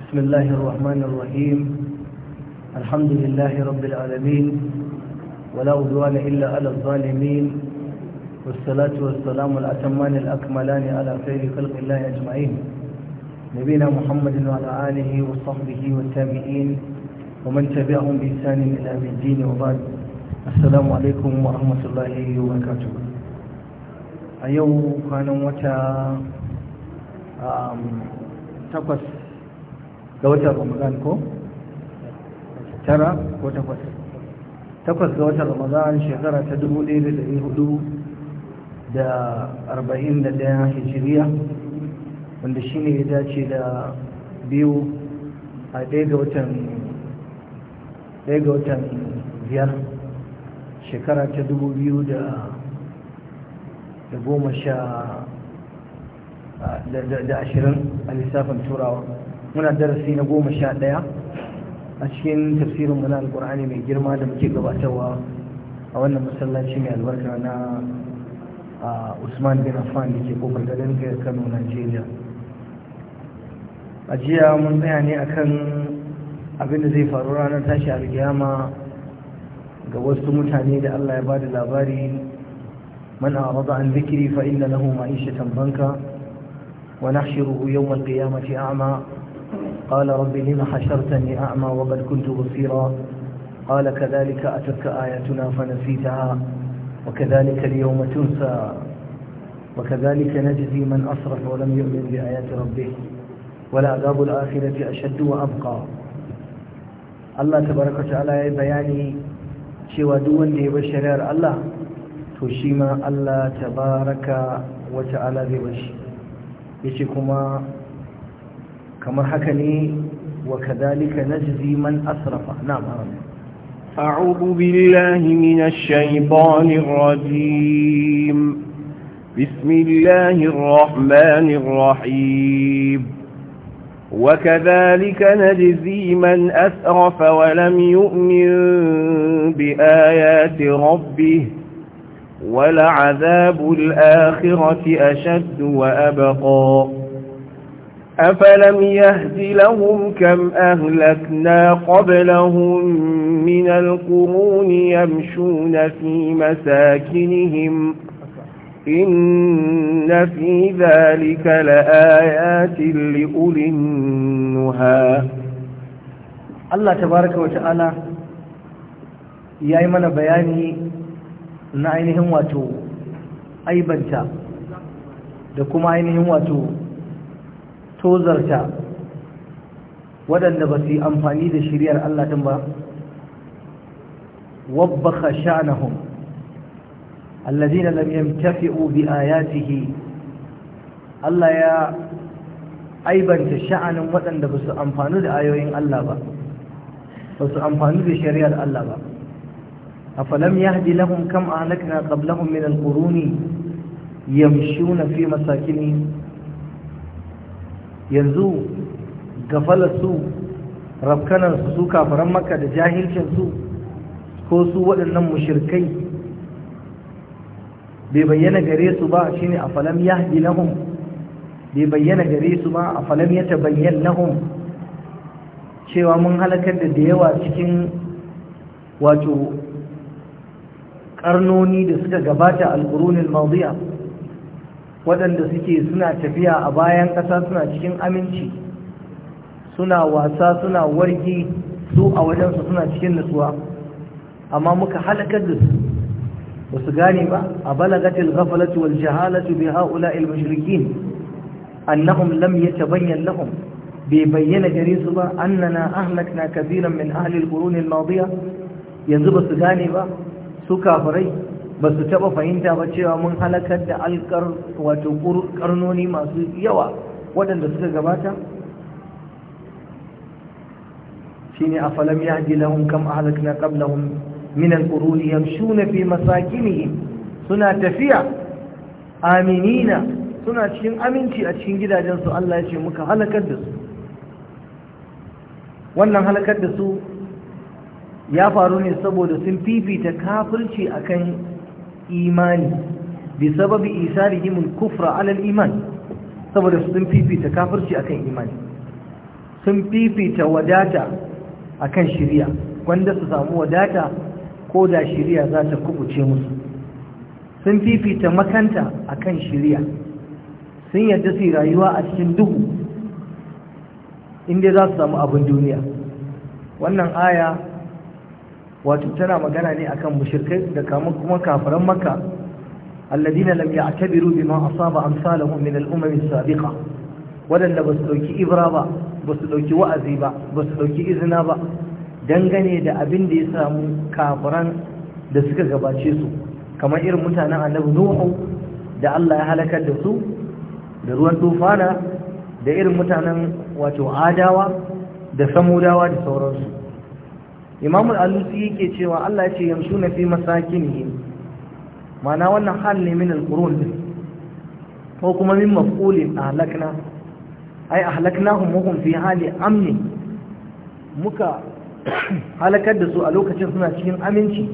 بسم الله الرحمن الرحيم الحمد لله رب العالمين ولا عدوان إلا على الظالمين والصلاة والسلام الأتمان الأكملان على خير خلق الله أجمعين نبينا محمد وعلى آله وصحبه والتابعين ومن تبعهم بإحسان إلى يوم الدين وبعد السلام عليكم ورحمة الله وبركاته أيوه كان متى takwas ga watan ramadan ko? tara ko takwas takwas ga watan ramadan shekara ta dubu ɗaya da hudu da arba'in da ɗaya hijiriya wanda shi ne ya dace da biyu a ɗaya ga watan ɗaya ga watan biyar shekara ta dubu biyu da goma sha da ashirin a lissafin turawa muna darasi na goma sha ɗaya a cikin tafsirin mu na alkur'ani mai girma da muke gabatarwa a wannan masallaci mai albarka na usman bin affan da ke kofar gadon kano najeriya a jiya mun tsaya ne akan abin da zai faru ranar tashi alkiyama ga wasu mutane da allah ya ba da labari man a an zikiri fa'in da lahu banka ونحشره يوم القيامة أعمى قال رب لم حشرتني أعمى وقد كنت بصيرا قال كذلك أتتك آياتنا فنسيتها وكذلك اليوم تنسى وكذلك نجزي من أصرف ولم يؤمن بآيات ربه ولعذاب الآخرة أشد وأبقى الله تبارك وتعالى بياني شوى دون wanda بشرير الله تشيما الله تبارك وتعالى ma yace kuma kamar haka ne wa kadhalika najzi man asrafa أعوذ بالله من الشيطان الرجيم بسم الله الرحمن الرحيم وكذلك نجزي من أسرف ولم يؤمن بآيات ربه ولعذاب الآخرة أشد وأبقى أفلم يهد لهم كم أهلكنا قبلهم من القرون يمشون في مساكنهم إن في ذلك لآيات لأولي النهى الله تبارك وتعالى يا إيمان بياني na ainihin wato aibanta da kuma ainihin wato tozarta waɗanda ba su yi amfani da shiriyar Allah ɗin ba wabbaka sha'anahum allazina lam yamtafi'u bi ayatihi Allah ya aibanta sha'anin waɗanda ba su amfani da ayoyin Allah ba ba su amfani da shari'ar Allah ba أفلم يهدي لهم كم أهلكنا قبلهم من القرون يمشون في مساكنهم ينزو غفل السوء ربكنا السوء كافرمك مكة جاهل شنسو كوسو وأنهم مشركي ببين غريس با شيني أفلم يهدي لهم ببين غريس با أفلم يتبين لهم cewa mun halakar da da yawa cikin wato karnoni da suka gabata alƙurunin maudiya waɗanda suke suna tafiya a bayan ƙasa suna cikin aminci suna wasa suna wargi su a wajensu suna cikin nutsuwa amma muka halakar da su ba su gane ba a balagatil ghafalatu wal jahalatu bi haula al mushrikin annahum lam yatabayyan lahum bai bayyana gare su ba annana ahlakna kabiran min ahli al qurun al madiya yanzu ba su gane ba su kafirai ba su taɓa fahimta ba cewa mun halakar da alkar wato karnoni masu yawa waɗanda suka gabata Shi ne a falam ya ji lahun kam a minan qablahum min shu na fi masakinihim suna tafiya aminina suna cikin aminci a cikin gidajensu Allah ya ce muka halakar da su wannan halakar da su ya faru ne saboda sun fifita kafirci akan imani bi sababi isarihim kufra alal iman saboda sun fifita kafirci akan imani sun fifita wadata akan shari'a wanda su samu wadata ko da shari'a za ta kubuce musu sun fifita makanta akan shari'a sun yadda su rayuwa a cikin duhu inda za su samu abin duniya wannan aya wato tana magana ne akan mushrikai da kamun kuma kafiran makka alladina lam ya'tabiru bima asaba amsalahum min al-umam as-sabiqa wadanda basu dauki ibra ba su dauki wa'azi ba basu dauki izina ba dangane da abin da ya samu kafiran da suka gabace su kamar irin mutanen annabi nuhu da Allah ya halakar da su da ruwan tufana da irin mutanen wato adawa da samudawa da sauransu imam al-alusi yake cewa Allah ya ce na fi masakinihim ma'ana wannan hal ne min al-qurun ko kuma min a ahlakna ai ahlaknahum wa hum fi hali amni muka halakar da su a lokacin suna cikin aminci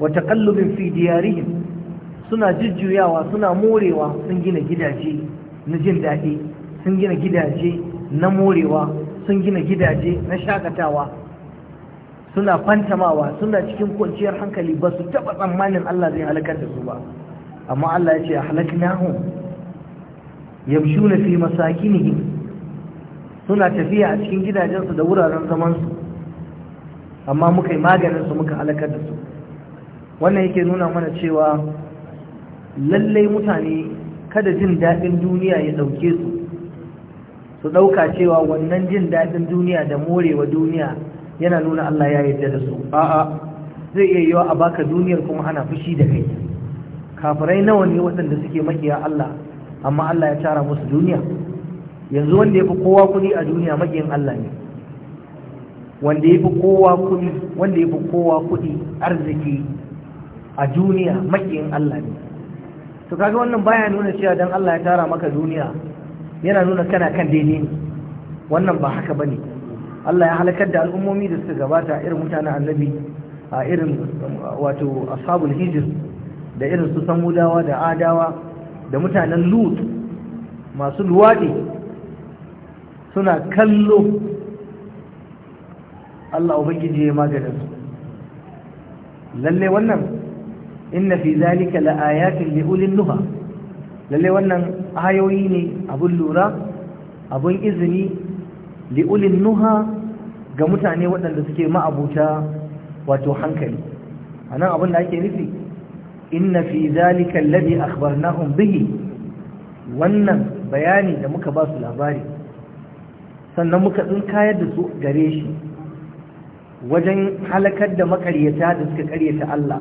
wa taqallubin fi diyarihim suna jujjuyawa suna morewa sun gina gidaje na jin daɗi sun gina gidaje na morewa sun gina gidaje na shakatawa suna fantamawa suna cikin kwanciyar hankali ba su taɓa tsammanin Allah zai halakar da su ba amma Allah ya ce ahlaknahum yamshuna fi masakinihim suna tafiya a cikin gidajensu da wuraren zamansu amma muka yi maganinsu muka halakar da su wannan yake nuna mana cewa lallai mutane kada jin daɗin duniya ya dauke su su ɗauka cewa wannan jin daɗin duniya da morewa duniya yana nuna Allah ya yi da su a'a zai iya yiwa a baka duniyar kuma ana fushi da kai kafirai nawa ne waɗanda suke makiya Allah amma Allah ya tara musu duniya yanzu wanda ya fi kowa kuɗi a duniya makiyin Allah ne wanda ya fi kowa kuɗi wanda ya fi kowa kuɗi arziki a duniya makiyin Allah ne to kaga wannan baya nuna cewa dan Allah ya tara maka duniya yana nuna kana kan daidai ne wannan ba haka bane Allah ya halakar da al'ummomi da suka gabata irin mutanen annabi a irin wato ashabul hijr da irin su samudawa da adawa da mutanen lut masu luwaɗi suna kallo Allah ubangiji ya maganin su lalle wannan inna fi zalika laayatin liulil nuha lalle wannan ayoyi ne abun lura abun izini li'ulin nuha ga mutane waɗanda suke ma'abuta wato hankali anan abin da ake nufi inna fi zalika alladhi akhbarnahum bihi wannan bayani da muka ba su labari sannan muka tsinkayar da su gare shi wajen halakar da makaryata da suka karyata Allah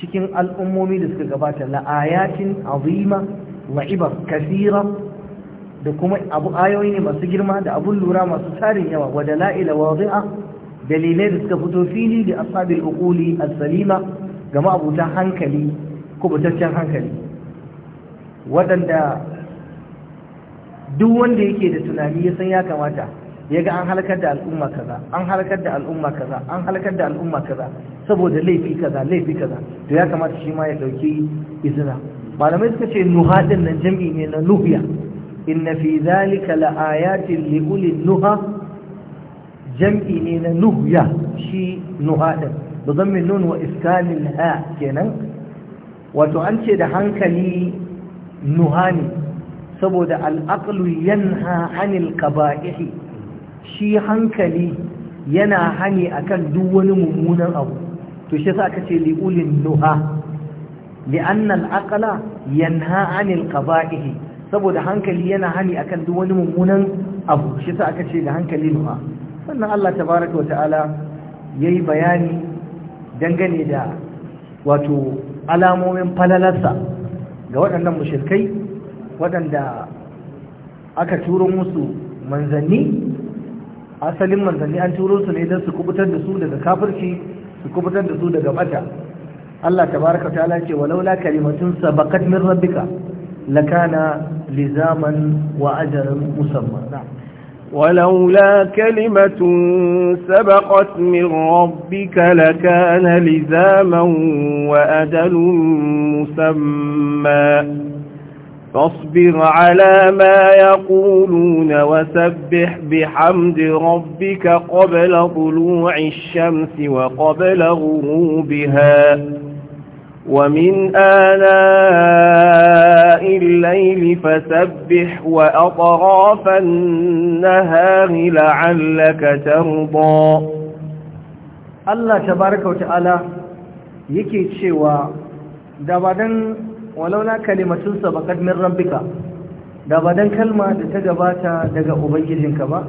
cikin al'ummomi da suka gabata la'ayatin azima wa ibar kasira da kuma abu ayoyi ne masu girma da abun lura masu tarin yawa wa dala'ila wadi'a dalilai da suka fito fili da asabil uquli as-salima ga ma'abutan hankali kubutaccen hankali waɗanda duk wanda yake da tunani ya san ya kamata ya ga an halakar da al'umma kaza an halakar da al'umma kaza an halakar da al'umma kaza saboda laifi kaza laifi kaza to ya kamata shi ma ya dauki izina malamai suka ce nuhadin nan jam'i ne na nubiya inna fi zalika laayatin li ulil nuha jam'i ne na nuhya shi nuha din da zammin nun wa iskanil ha kenan wato an ce da hankali nuha ne saboda al'aqlu yanha anil qaba'ihi shi hankali yana hani akan duk wani mummunan abu to shi yasa aka ce li ulil nuha li'anna al'aqla yanha anil qaba'ihi saboda hankali yana hani akan duk wani mummunan abu shi sa aka ce da hankali nuna sannan Allah tabaraka wa ta'ala yayi bayani dangane da wato alamomin falalarsa ga waɗannan mushirkai waɗanda aka turo musu manzanni asalin manzanni an turo su ne don su kubutar da su daga kafirci su kubutar da su daga bata Allah tabaraka wa ta'ala ce walaula kalimatun sabaqat min rabbika لكان لزاما وأجلا مسمى نعم ولولا كلمة سبقت من ربك لكان لزاما وأجل مسمى فاصبر على ما يقولون وسبح بحمد ربك قبل طلوع الشمس وقبل غروبها ومن آلاء الليل فسبح وأطراف النهار لعلك ترضى الله تبارك وتعالى yake cewa da ba dan walaula kalimatun sabaqat min rabbika da ba dan kalma da ta gabata daga ubangijinka ba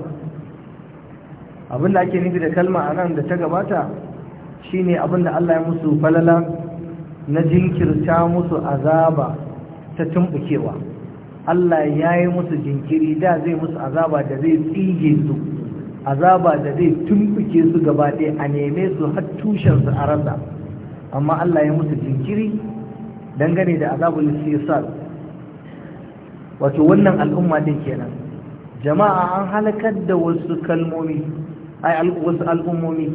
abinda ake nufi da kalma a nan da ta gabata shine abin da Allah ya musu falala na jinkirta musu azaba ta tumbukewa Allah ya yi musu jinkiri da zai musu azaba da zai tsige su azaba da zai tumbuke su gaba ɗaya a neme su har tushensu a rasa amma Allah ya musu jinkiri dangane da azabul sisal wato wannan al'umma din kenan jama'a an halakar da wasu kalmomi ai wasu al'ummomi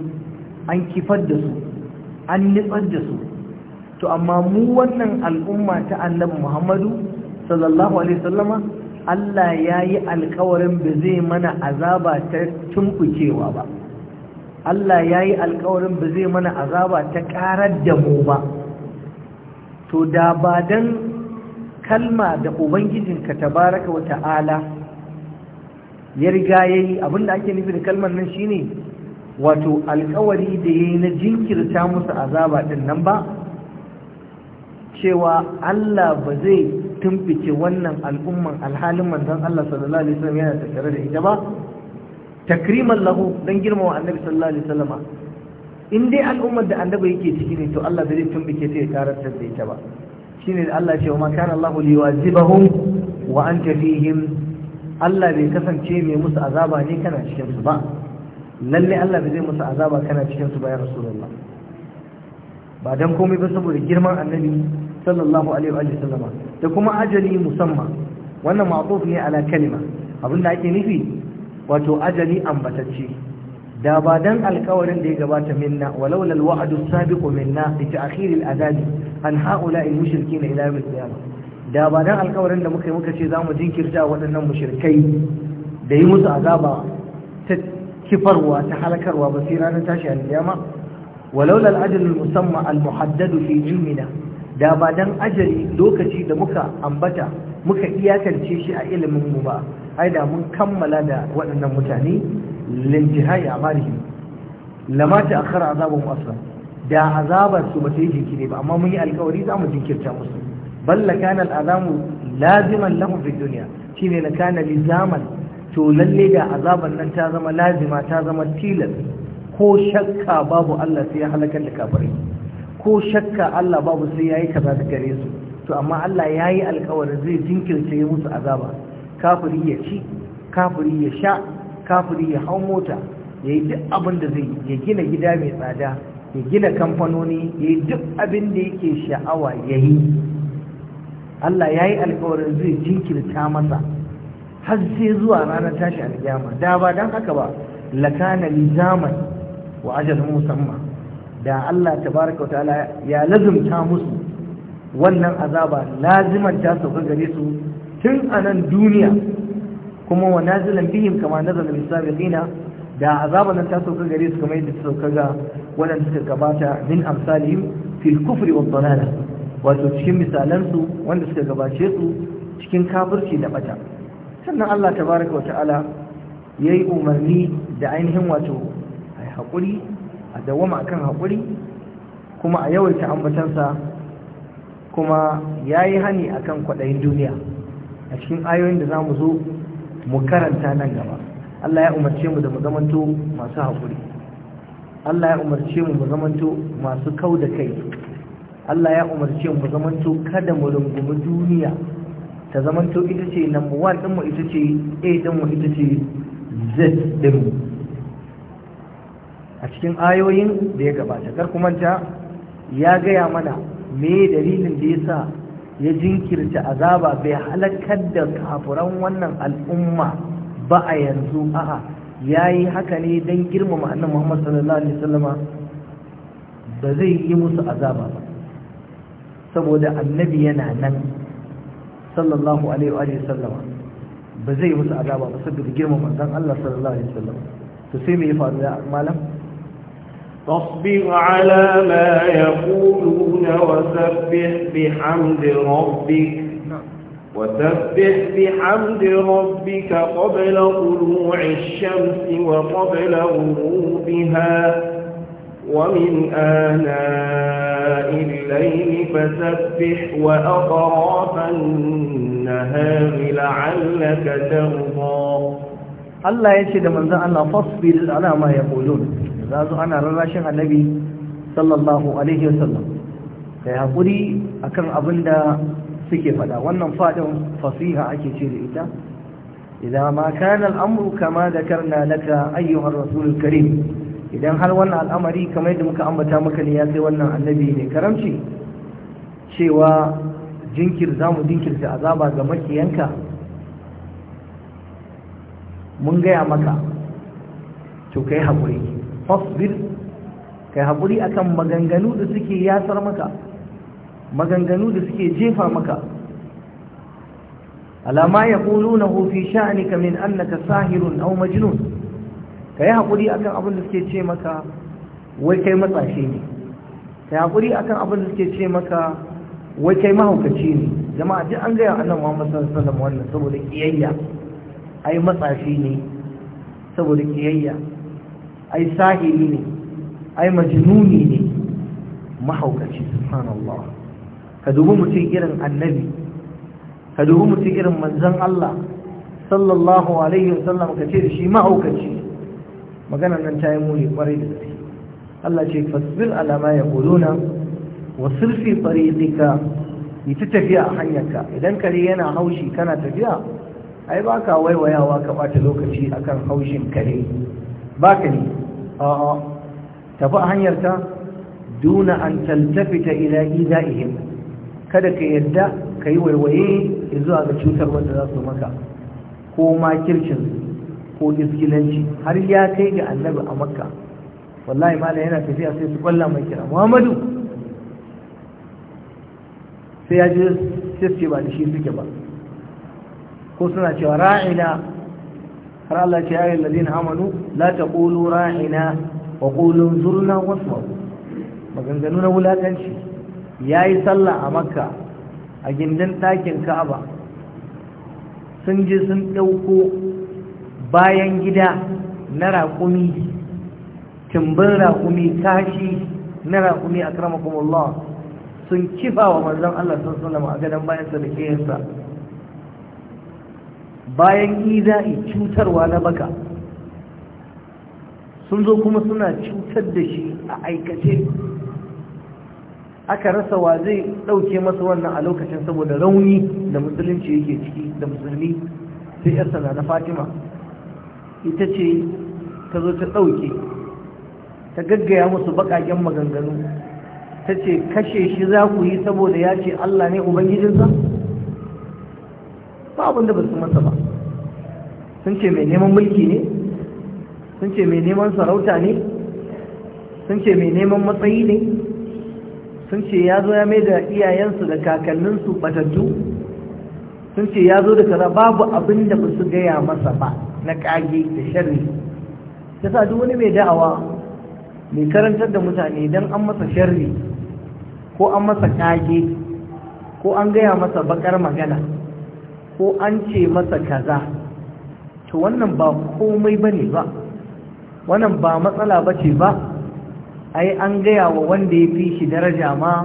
an kifar da su an nitsar da su to amma mu wannan al'umma ta annabi muhammadu sallallahu alaihi wasallama Allah ya yi alkawarin ba zai mana azaba ta tumbukewa ba Allah ya yi alkawarin ba zai mana azaba ta karar da mu ba to da ba don kalma da ubangijinka tabaraka wa ta'ala ya riga ya yi abinda ake nufi da kalmar nan shine wato alkawari da ya yi na jinkirta musu azaba din nan ba cewa Allah ba zai tumfice wannan al'umman alhalin manzon Allah sallallahu alaihi wasallam yana tattare da ita ba takriman lahu dan girmama annabi sallallahu alaihi wasallam in dai al'ummar da annabi yake ciki ne to Allah ba zai tumfice ta ya tarar da ita ba shine da Allah ya ce ma kana Allah liwazibahum wa anta fihim Allah bai kasance mai musu azaba ne kana cikin su ba lalle Allah bai zai musu azaba kana cikin su ba ya rasulullah ba dan komai ba saboda girman annabi sallallahu alaihi wa sallama da kuma ajali musamman wannan ma'tuf ne ala kalima abinda ake nufi wato ajali ambatacce da ba dan alƙawarin da ya gabata minna walau lal wa'du sabiqu minna bi ta'khir al adab an haula al mushrikeen ila yawm al qiyamah da ba dan alƙawarin da muka yi muka ce zamu jinkirta waɗannan mushrikai da yi musu azaba ta kifarwa ta halakarwa ba sai ranar tashi al qiyama walau lal al musamma al muhaddad fi ilmina da ba dan ajali lokaci da muka ambata muka iyakance shi a ilimin mu ba ai da mun kammala da waɗannan mutane lil jihai amalihim lama ta akhara azabun asra da azabar su ba ta yi jinkiri ba amma mun yi alkawari za mu jinkirta musu balla kana al'azamu laziman lahum fi dunya shine na kana zaman to lalle da azabar nan ta zama lazima ta zama tilas ko shakka babu Allah sai ya halakar da kafirai ko shakka Allah babu sai yayi kaza da gare su to amma Allah yayi alƙawarin zai jinkirce ya musu azaba kafiri ya ci kafiri ya sha kafiri ya hau mota ya yi duk abin da zai ya gina gida mai tsada ya gina kamfanoni ya yi duk abin da yake sha'awa ya yi Allah ya yi alƙawarin zai jinkirta masa har sai zuwa ranar tashi alkiyama da ba don haka ba lakana li zaman wa ajal musamman da Allah tabaraka Wata'ala ya lazumta musu wannan azaba laziman ta sauka gare su tun a nan duniya kuma wa nazilan bihim kama nazala bisabiqina da azaban nan ta sauka gare su kamar yadda ta sauka ga wadanda suka gabata min amsalihim fil kufri wad dalala wato cikin misalan su wanda suka gabace su cikin kafirci da bata sannan Allah tabaraka Wata'ala yayi umarni da ainihin wato ai hakuri a dawama akan haƙuri kuma a yawaita ambatansa kuma ya yi hani akan kwaɗayin duniya a cikin ayoyin da za mu zo mu karanta nan gaba Allah ya umarce mu da mu masu haƙuri Allah ya umarce mu mu masu kau da kai Allah ya umarce mu mazamanto kada mu rungumi duniya ta zamanto ita ce number 1 ɗinmu ita ce A ɗinmu ita ce Z ɗinmu a cikin ayoyin da ya gabata kar kuma ta ya gaya mana me dalilin da yasa ya jinkirta azaba bai halakar da kafuran wannan al'umma ba a yanzu a'a yayi haka ne don girmama annabi Muhammad sallallahu alaihi wasallama ba zai yi musu azaba ba saboda annabi yana nan sallallahu alaihi wa sallama ba zai yi musu azaba ba saboda girmama dan Allah sallallahu alaihi wasallama to sai me ya faru malam فاصبر على ما يقولون وسبح بحمد ربك وسبح بحمد ربك قبل طلوع الشمس وقبل غروبها ومن آناء الليل فسبح وأطراف النهار لعلك ترضى الله يشهد من ذا الله فاصبر على ما يقولون za zo ana rarrashin annabi sallallahu alaihi wasallam kai hakuri akan abin da suke faɗa wannan fadin fasiha ake ce da ita idan ma kana al'amru kama dakarna laka ayyuhar rasulul karim idan har wannan al'amari kamar yadda muka ambata maka ne ya kai wannan annabi ne karamci cewa jinkir zamu jinkirta azaba ga makiyanka mun gaya maka to kai haƙuri fasbir kai haƙuri akan maganganu da suke yasar maka maganganu da suke jefa maka alama ya ƙulunahu fi sha'anika min annaka sahirun aw Ka yi haƙuri akan abin da suke ce maka wai kai matsashe ne Ka yi haƙuri akan abin da suke ce maka wai kai mahaukaci ne jama'a duk an gaya annan Muhammad sallallahu alaihi wasallam wannan saboda kiyayya ai matsashe ne saboda kiyayya ai sahiri ne ai majnuni ne mahaukaci subhanallah ka dubi mutum irin annabi ka dubi mutum irin manzon Allah sallallahu alaihi wasallam ka ce da shi mahaukaci magana nan ta yi muni kwarai da gaske Allah ce fasbir ala ma yaquluna wa sirfi tariqika yi ta tafiya a hanyarka idan kare yana haushi kana tafiya ai ba ka waiwayawa ka bata lokaci akan haushin kare ba ka ne a'a tafi a hanyarta duna an taltafita ila ida'ihim kada ka yadda ka yi waiwaye zuwa ga cutar wanda za su maka ko makircin ko iskilanci har ya kai ga annabi a makka wallahi malam yana tafiya sai su kwalla mai kira muhammadu sai ya je sai ba da shi suke ba ko suna cewa ra'ina har Allah ce ayyul ladina amanu la taqulu ra'ina wa qulu zurna wasma'u maganganu na wulakanci yayi sallah a makka a gindin ɗakin ka'aba sun je sun ɗauko bayan gida na raƙumi timbin raƙumi kashi na raƙumi a karamakumullah sun kifa wa manzon Allah sun sallama a gadon bayansa da kiyarsa bayan iza'i cutarwa na baka sun zo kuma suna cutar da shi a aikace aka rasa wa zai ɗauke masa wannan a lokacin saboda rauni da musulunci yake ciki da musulmi sai yarsa na na fatima ita ce ta zo ta ɗauke ta gaggaya musu baƙaƙen maganganu ta ce kashe shi za ku yi saboda ya ce allah ne ubangijinsa ba abin da ba su masa ba sun ce mai neman mulki ne sun ce mai neman sarauta ne sun ce mai neman matsayi ne sun ce ya zo ya mai da iyayensu da kakanninsu batattu sun ce ya zo da kaza babu abin da ba su gaya masa ba na kage da sharri ta sa duk wani mai da'awa mai karantar da mutane don an masa sharri ko an masa kage ko an gaya masa bakar magana ko an ce masa kaza to wannan ba komai bane ba wannan ba matsala bace ba ai an gaya wa wanda ya fi shi daraja ma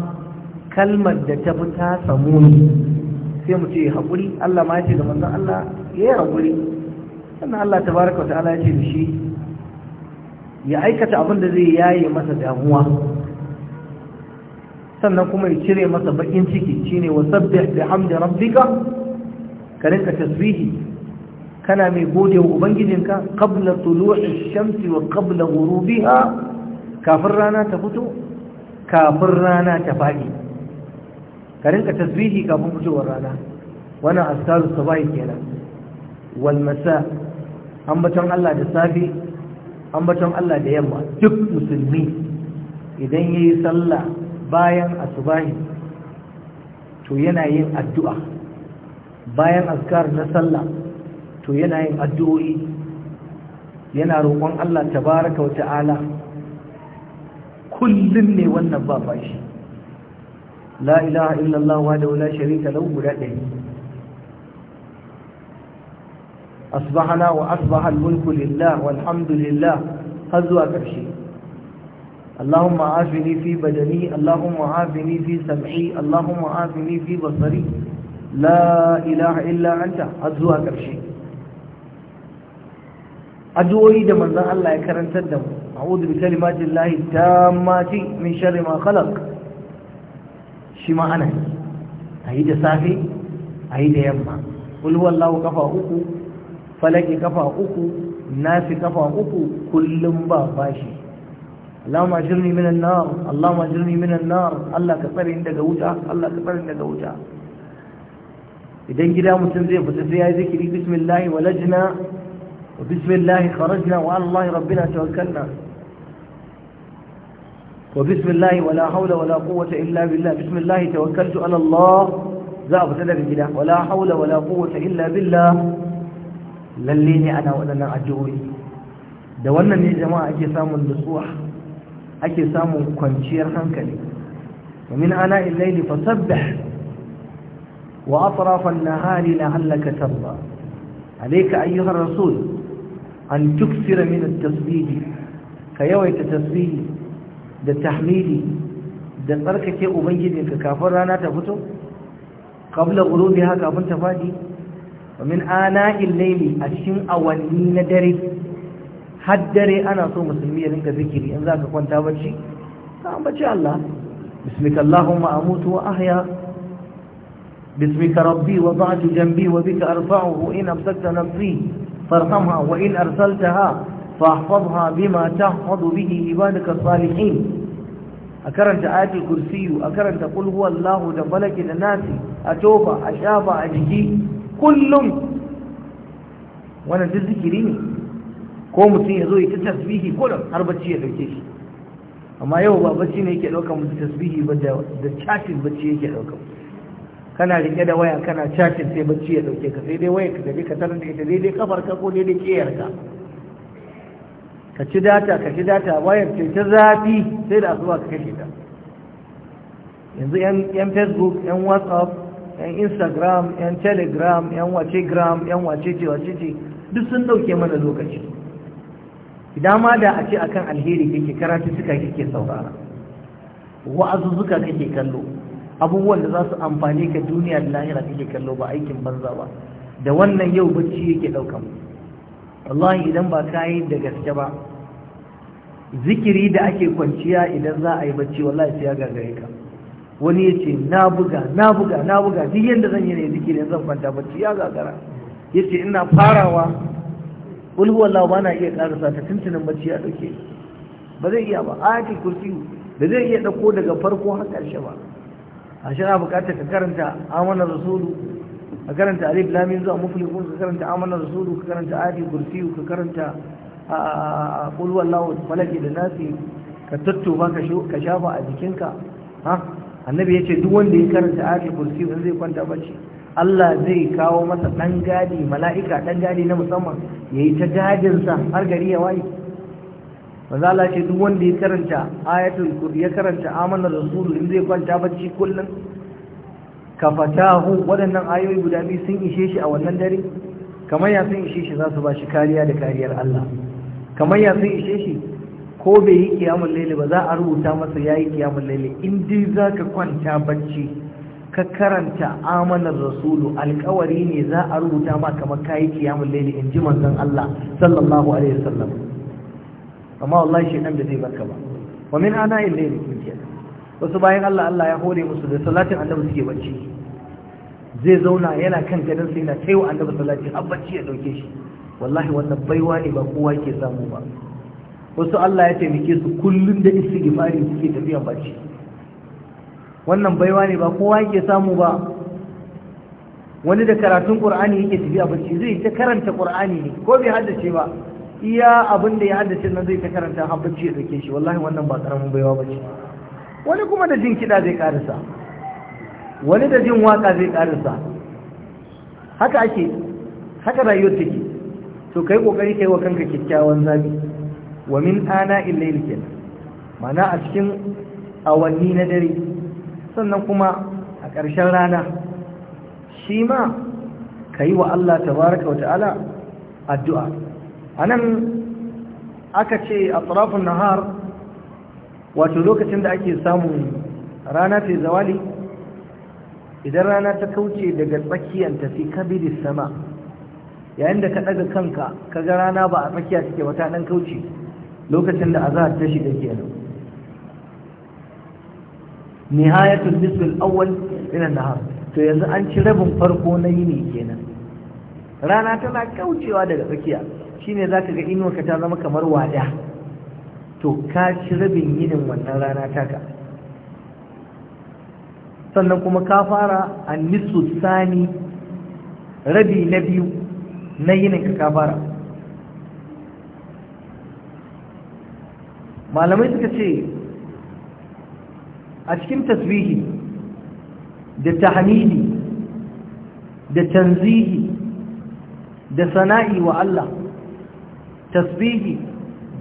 kalmar da ta fi ta samu ne sai mu ce haƙuri Allah ma ya ce da manzan Allah ya yi haƙuri sannan Allah ta wa ta'ala ya ce da shi ya aikata abin da zai yaye masa damuwa sannan kuma ya cire masa bakin ciki shine wasabbih bihamdi rabbika ka rinka tasbihi kana mai gode wa ubangijinka qabla tulu'i shamsi wa qabla ghurubiha kafin rana ta fito kafin rana ta fadi ka rinka tasbihi kafin fitowar rana wannan azkarus sabahi kenan wal masa ambaton Allah da safi ambaton Allah da yamma duk musulmi idan yayi sallah bayan asubahi to yana yin addu'a bayan azkar na sallah to yana yin addu'o'i yana roƙon Allah tabaraka wa ta'ala kullum ne wannan ba bashi la ilaha illallah wa da wala sharika lahu guda ɗaya asbahana wa asbaha al-mulku lillah walhamdulillah har zuwa ƙarshe اللهم عافني في بدني اللهم عافني في سمعي اللهم عافني في بصري la ilaha illa anta har zuwa ƙarshe addu'o'i da manzon Allah ya karantar da mu a'udhu bi kalimatin lahi tammati min sharri ma khalaq shi ma ana ayi da safe ayi da yamma qul huwallahu kafa uku falaki kafa uku nasi kafa uku kullum ba bashi اللهم اجرني من النار اللهم اجرني من النار الله كفرني daga wuta Allah ka tsare daga wuta idan gida mutum zai fita sai ya yi zikiri bismillahi wa walajna wa bismillahi kharajna wa allahi rabbina tawakkalna wa bismillahi wala haula wala quwwata illa billah bismillahi tawakkaltu ala allah za a fita daga gida wala haula wala quwwata illa billah lalle ne ana waɗannan addu'o'i da wannan ne jama'a ake samun nutsuwa ake samun kwanciyar hankali ومن آناء الليل فسبح وأطراف النهار لعلك ترضى عليك أيها ayyuhar rasul. تكثر من التسبيح كيويت تسبيح ده تحميدي da tsarkake ubangijinka kafin rana ta fito qabla ghurubiha kafin ta fadi min ana'il layli a cikin awanni na dare har ana so musulmi ya rinka zikiri in zaka kwanta bacci ka ambaci Allah bismika allahumma amutu wa ahya باسمك ربي وضعت جنبي وبك أرفعه إن أمسكت نفسي فارحمها وإن أرسلتها فاحفظها بما تحفظ به عبادك الصالحين أكرنت آية الكرسي أكرنت قل هو الله دفلك للناس أتوبة أشافة أجهي كل وانا تذكريني ko mutum ya zo ya ta tasbihi kullum har bacci ya dauke shi amma yau ba bacci ne yake ɗaukar mutum tasbihi ba da chatin bacci yake ɗaukar mutum kana rike da waya kana chatting sai bacci ya dauke ka sai dai waya ka gabe ka tarar da ita daidai kafar ka ko daidai kiyar ka ka ci data ka ci data wayar ce ta zafi sai da asuwa ka kashe ta yanzu yan facebook yan whatsapp yan instagram yan telegram yan wacegram yan wace ce, duk sun dauke mana lokaci idan ma da a ce akan alheri kake karatu suka kake saurara wa'azuzzuka kake kallo abubuwan da za su amfani ka duniya da lahira kake kallo ba aikin banza ba da wannan yau bacci yake ɗaukan wallahi idan ba ka yi da gaske ba zikiri da ake kwanciya idan za a yi bacci wallahi sai ya gagare ka wani ya ce na buga na buga na buga duk yadda zan yi ne zikiri zan kwanta bacci ya gagara ya ce ina farawa ulhuwallah ba na iya ƙarasa ta tuntunan bacci ya ɗauke ba zai iya ba a yake kurfi da zai iya ɗauko daga farko har ƙarshe ba a shi na bukatar ka karanta amanar rasulu ka karanta alif lamin zuwa muflihun ka karanta amanar rasulu ka karanta adi kursiyu karanta kulwa lawo da nasi ka tattofa ka shafa a jikinka annabi ya ce duk wanda ya karanta adi kursiyu zai kwanta bacci Allah zai kawo masa ɗan gadi mala'ika ɗan gadi na musamman ya yi ta gadinsa har gari ya waye manzo ce duk wanda ya karanta ayatul kursi ya karanta amanar rasul in zai kwanta bacci kullun kafatahu waɗannan ayoyi guda biyu sun ishe shi a wannan dare kamar ya sun ishe shi za su ba shi kariya da kariyar Allah kamar ya sun ishe shi ko bai yi kiyamun laili ba za a rubuta masa ya yi kiyamun laili in dai za ka kwanta bacci ka karanta amanar rasulu alkawari ne za a rubuta ma kamar ka yi kiyamun laili in ji manzon Allah sallallahu alaihi wasallam amma wallahi shi dan da zai barka ba wa min ana illa ne wasu bayan Allah Allah ya hore musu da salatin annabi suke bacci zai zauna yana kan gadon sai na taiwa annabi salati har bacci ya dauke shi wallahi wannan baiwa ne ba kowa yake samu ba wasu Allah ya taimake su kullum da istighfari suke tafiya bacci wannan baiwa ne ba kowa yake samu ba wani da karatun qur'ani yake tafiya bacci zai ta karanta qur'ani ne ko bai haddace ba iya abin da ya haddace nan zai ta karanta har bacci ya dauke shi wallahi wannan ba karamin baiwa bace wani kuma da jin kiɗa zai karisa wani da jin waka zai karisa haka ake haka rayuwar take to kai kokari kai wa kanka kyakkyawan zabi wa min ana illayl kin mana a cikin awanni na dare sannan kuma a ƙarshen rana shi ma ka yi wa Allah tabaraka wa ta'ala addu'a a nan aka ce a tsarafin nahar wato lokacin da ake samun rana ta zawali idan rana ta kauce daga tsakiyar tafi kabiri sama yayin da ka ɗaga kanka ka ga rana ba a tsakiya suke wata ɗan kauce lokacin da azahar ta shiga kenan nihayatul nisbul awwal ila nahar to yanzu an ci rabin farko na yini kenan rana tana kaucewa daga tsakiya shine zaka ga ka ta zama kamar wada to ka ci rabin yinin wannan rana taka sannan kuma ka fara annisu sani rabi na biyu na yinin ka fara malamai suka ce a cikin tasbihi da tahmidi da tanzihi da sana'i wa Allah tasbihi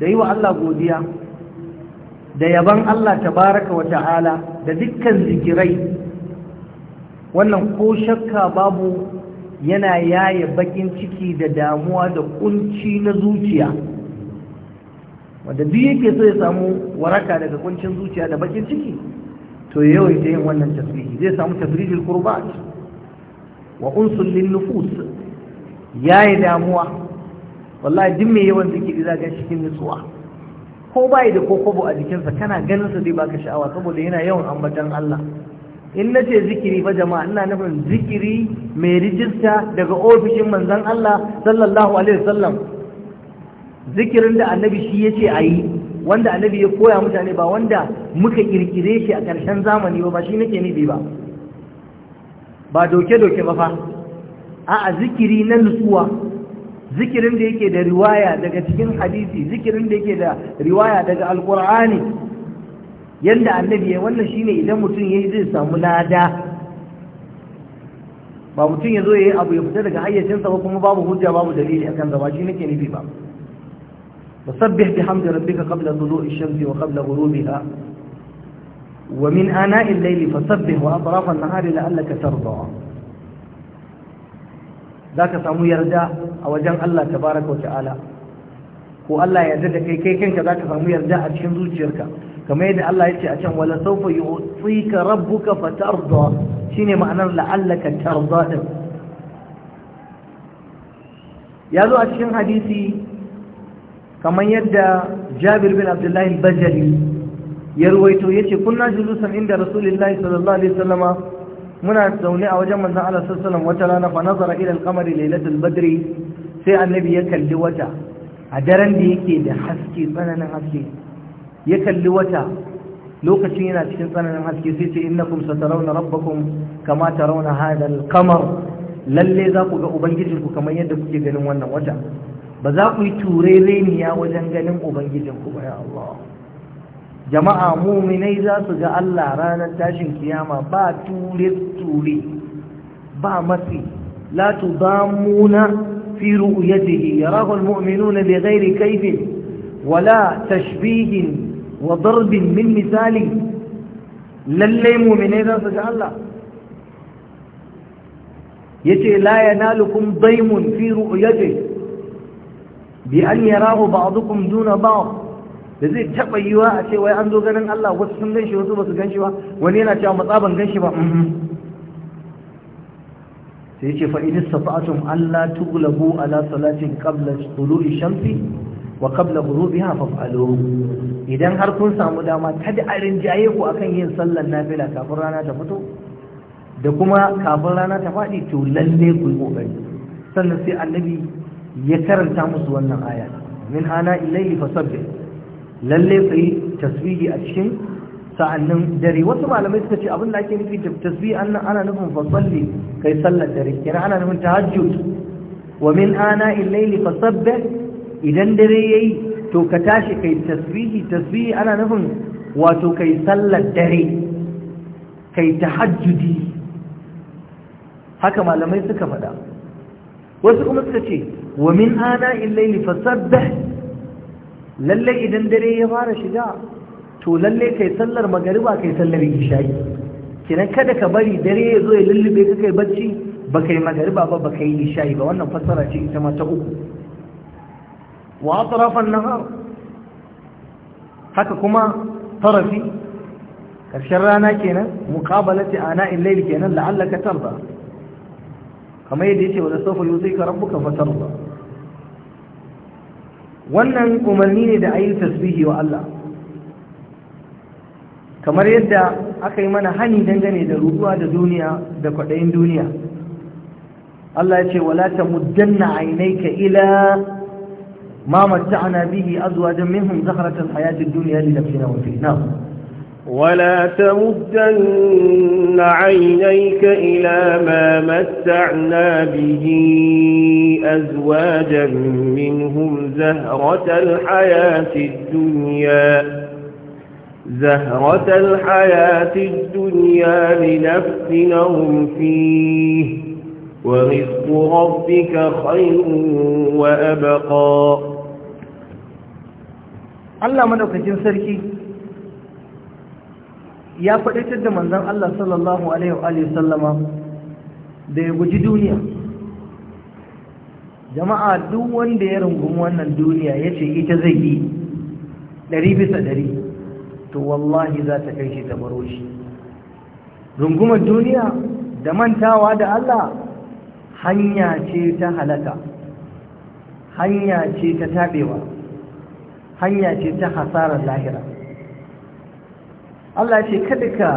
da yi wa Allah godiya da yaban Allah tabaraka wa ta'ala da dukkan zikirai wannan ko shakka babu yana yaye bakin ciki da damuwa da kunci na zuciya wanda duk yake so ya samu waraka daga kuncin zuciya da bakin ciki to yau ita yin wannan tasbihi zai samu tasbihul qurbat wa unsul lin nufus yaye damuwa wallahi duk mai yawan zikiri za ga cikin nutsuwa ko bai da kokobo a jikinsa kana ganin sa zai baka sha'awa saboda yana yawan ambatan Allah in na ce zikiri ba jama'a ina nufin zikiri mai rijista daga ofishin manzon Allah sallallahu alaihi wasallam zikirin da annabi shi yace ayi wanda annabi ya koya mutane ba wanda muka kirkire shi a ƙarshen zamani ba ba shi nake nufi ba ba doke-doke ba fa a zikiri na nutsuwa zikirin da yake da riwaya daga cikin hadisi zikirin da yake da riwaya daga alkur'ani yadda annabi ya wannan shine idan mutum yayi zai samu lada ba mutum ya zo ya yi abu ya fita daga hayyacinsa ba kuma babu hujja babu dalili akan zaba shi nake nufi ba musabbih bihamdi rabbika qabla tulu'i shamsi wa qabla ghurubiha wa min ana'il layli fasabbih wa atraf an-nahari la'allaka tarda za ka samu yarda a wajen Allah tabaraka wa ta'ala ko Allah ya yarda da kai kai kanka za ka samu yarda a cikin zuciyarka kamar yadda Allah ya ce a can wala sawfa yu'tika rabbuka fatarda shine ma'anar la'allaka tarda din ya zo a cikin hadisi kamar yadda Jabir bin Abdullah al-Bajali ya ruwaito yace kunna julusan inda Rasulullahi sallallahu alaihi wasallama muna zaune a wajen manzon Allah sallallahu wata rana fa nazara ila al-qamari lailatul badri sai annabi ya kalli wata a daren da yake da haske tsananin haske ya kalli wata lokacin yana cikin tsananin haske sai ce innakum satarawna rabbakum kama tarawna hadha al lalle za ku ga ubangijinku kamar yadda kuke ganin wannan wata ba za ku yi turereniya wajen ganin ubangijinku ba ya Allah jama'a muminai za su ga Allah ranar tashin kiyama ba ture-ture ba matsi la tudamuna fi ru'yatihi yarahu almu'minuna bighairi kayfin wala tashbihin wa darbin min misali lalle muminai za su ga Allah yace la yanalukum daymun fi ru'yatihi bi an yarahu ba'dukum duna ba'd da zai taɓa yiwa a ce wai an zo ganin Allah wasu sun gan shi wasu ba su gan shi ba wani yana cewa matsaban gan shi ba mm-hmm. sai ce fa idis safa'atum Allah tughlabu ala salatin qabla tulu'i shamsi wa qabla ghurubiha faf'alu idan har kun samu dama kada a rinjaye ku akan yin sallar nafila kafin rana ta fito da kuma kafin rana ta faɗi to lalle ku yi kokari sannan sai annabi ya karanta musu wannan aya min hana ilayhi fasabbih lalle su yi tasbihi a cikin sa'annin dare wasu malamai suka ce abin da ake nufi da tasbihi annan ana nufin fasalli kai sallar dare kina ana nufin tahajjud wa min ana illaili fasabbih idan dare yayi to ka tashi kai tasbihi tasbihi ana nufin wato kai sallar dare kai tahajjudi haka malamai suka faɗa wasu kuma suka ce wa min ana illaili fasabbih lalle idan dare ya fara shiga to lalle kai sallar magariba kai sallar isha'i Kina kada ka bari dare ya zo ya lullube ka kai bacci ba kai magariba ba ba kai isha'i ba wannan fassara ce ita ma ta uku wa atrafan nahar haka kuma tarafi karshen rana kenan muqabalati ana'il layl kenan la'allaka tarda kamar yadda yake wa sawfa yuzika rabbuka fatarda wannan umarni ne da yi tasbihi wa Allah kamar yadda aka yi mana hani dangane da rubuwa da duniya da kwaɗayin duniya Allah ya ce wala tamuddanna aynayka ila ma ana bihi azwajan minhum zahrata duniya hayati dunya na wa fina ولا تمدن عينيك إلى ما متعنا به أزواجا منهم زهرة الحياة الدنيا زهرة الحياة الدنيا لنفتنهم فيه ورزق ربك خير وأبقى الله منك جنسك ya faɗaitar da manzan Allah sallallahu Alaihi sallama da ya guji duniya jama'a duk wanda ya rungumi wannan duniya ya ce ita zai yi ɗari bisa ɗari to wallahi za ta kai shi ta baro shi rungumar duniya da mantawa da Allah hanya ce ta halaka hanya ce ta taɓewa hanya ce ta hasarar lahira Allah ce kada ka